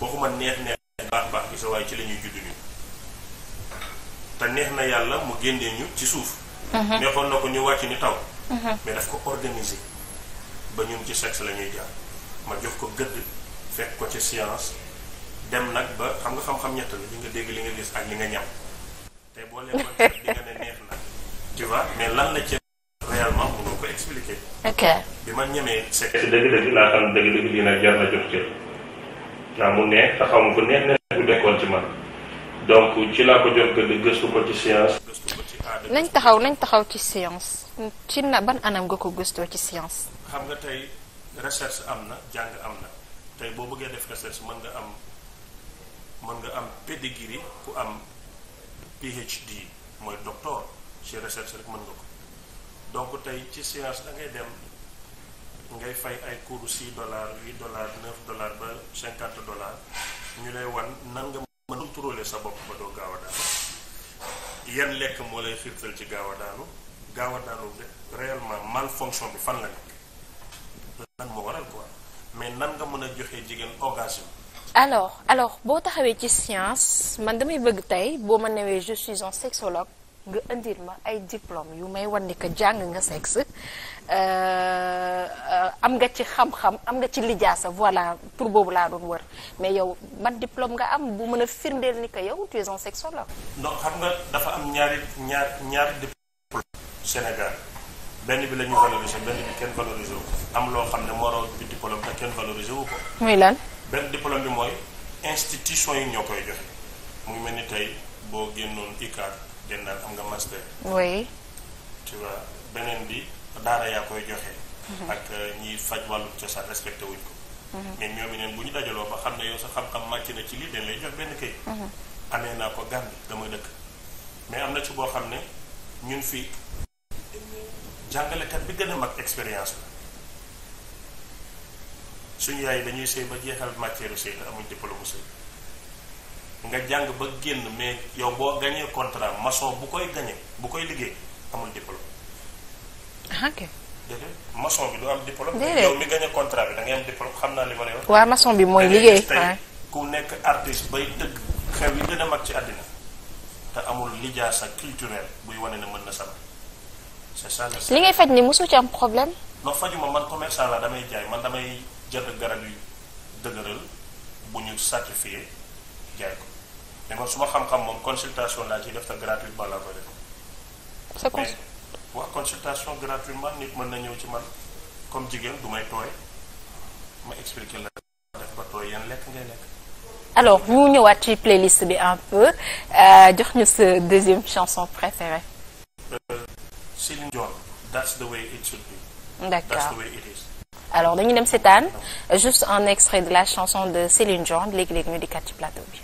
waxuma neex neex baax baax bi sa waaye ci la ñuy judd ñu te neex na yàlla mu génnee ñu ci suuf mhm. neexoon na ko ñu wàcc ñu taw mhm. mais daf ko organiser ba ñun ci sexe la ñuy jaar ma jox ko gëdd fekk ko ci science dem nag ba xam nga xam-xam ñett la li nga dégg li nga gis ak li nga ñam te boo leen ko ne neex na tu vois mais lan la ci réellement mënoo ko expliquer bi ma ñemee sexe dëgg-dëgg laa xam dëgg-dëgg lii nag na jox cër ndax mu neex te ma ko neex neex bu dekkoon ci man donc ci laa ko jot gën gëstu ko ci science. gëstu ko ci aada nañ taxaw nañ taxaw ci science ci na ban anam nga ko gëstoo ci science. xam nga tey recherche am na jàng am na tey boo bëggee def recherche mën nga am mën nga am pedigree ku am PhD mooy docteur ci recherche rek mën nga ko donc tey ci science da ngay dem. ngay fay ay cours six dollars huit dollars neuf dollars ba cinquante ñu lay wan nan nga mën contrôler sa bopp ba doo gaaw a daanu yan lekk moo lay xiirtal ci gaaw a daanu gaaw a daanu réellement malfonction bi fan la nekk lan moo waral quoi mais nan nga mën a joxe jigéen orgasme alors alors boo taxawee ci science man damay bëgg tey boo ma newee je suis un sexologue nga indil ma ay diplôme yu may wan ni jàng nga sexe euh, am nga ci xam-xam am nga ci lijaasa voilà pour boobu laa doon wër mais yow man diplôme nga am bu mën a firndeel ni que yow tu es un sexologue. xam nga dafa am ñaari ñaar ñaari diplôme Sénégal benn bi la ñu benn bi kenn valorisé wu am loo xam ne moo bi diplôme te kenn valorisé ko. muy lan. benn diplôme bi mooy institution yi ñoo koy joxe mu mel ni tey boo génnoon ICAR. jëndal am nga master. oui. tu vois beneen bi daara yaa koy joxe. ak euh, ñiy faj wàllu cosaan respecté wuñ ko. Mhm. mais ñoom itam bu ñu dajaloo ba xam ne yow sa xam-xam màcc na ci lii dañ lay jox benn kayit. Mhm. amee naa ko Gàmbi dama dëkk. mais am na ci boo xam ne ñun fii jàngalekat bi gën a mag expérience la suñu yaay dañuy sëy ba jeexal matière sëy la amuñ diplôme sëy. nga jàng ba génn mais yow boo gañee contrat mason bu koy gañee bu koy liggéey amul diplôme. Ah, ok. bi du am diplôme. déedéet yow mi gañee contrat bi da ngay am diplôme xam naa li ma lay wax. waaw maçon bi mooy liggéey ku nekk artiste bay dëgg xew yi gën a mag ci àddina te amul lijaasa culturel buy wane na mën na sama c'est ça. li ngay faj ni mosoo ci am problème. non fajuma man commerçant la damay jaay man damay jënd garab yi dëgëral bu ñu certifié jaay ko. mais su ma xam-xam moom consultation laa ciy def te gratuitement laa mën na ñëw ci man comme jigéen du may tooy ma expliquer la ba ñëwaat ci playlist bi un peu euh, jox ñu sa deuxième chanson préférée. Euh, Céline Dion That's the way it should be. d'accord That's the way it is. alors dañu dem seetaan ah juste un extrait de la chanson de Céline Dion léegi-léegi ñu dikkaat ci plateau bi.